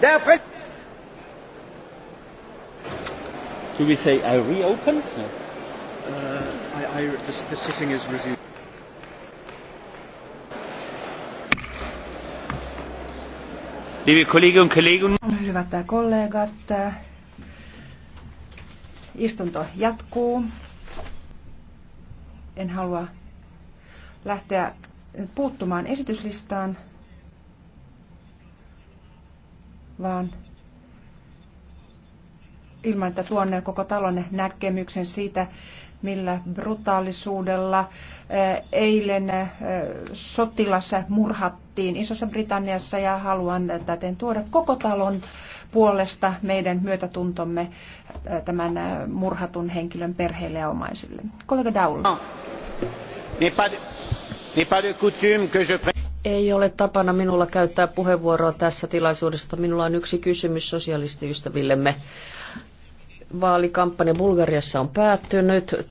D'après. Do we say I reopen? No. Uh, I, I, the, the sitting is resumed. Liebe Kolleginnen und Kollegen. Hyvät kollegat, istunto jatkuu. En halua lähteä puuttumaan esityslistaan vaan ilman, että tuonne koko talon näkemyksen siitä, millä brutaalisuudella eh, eilen eh, sotilassa murhattiin Isossa Britanniassa ja haluan täten tuoda koko talon puolesta meidän myötätuntomme eh, tämän murhatun henkilön perheelle ja omaisille. Kollega Daul. Ei ole tapana minulla käyttää puheenvuoroa tässä tilaisuudessa. Minulla on yksi kysymys sosialistiystävillemme. Vaalikampanja Bulgariassa on päättynyt.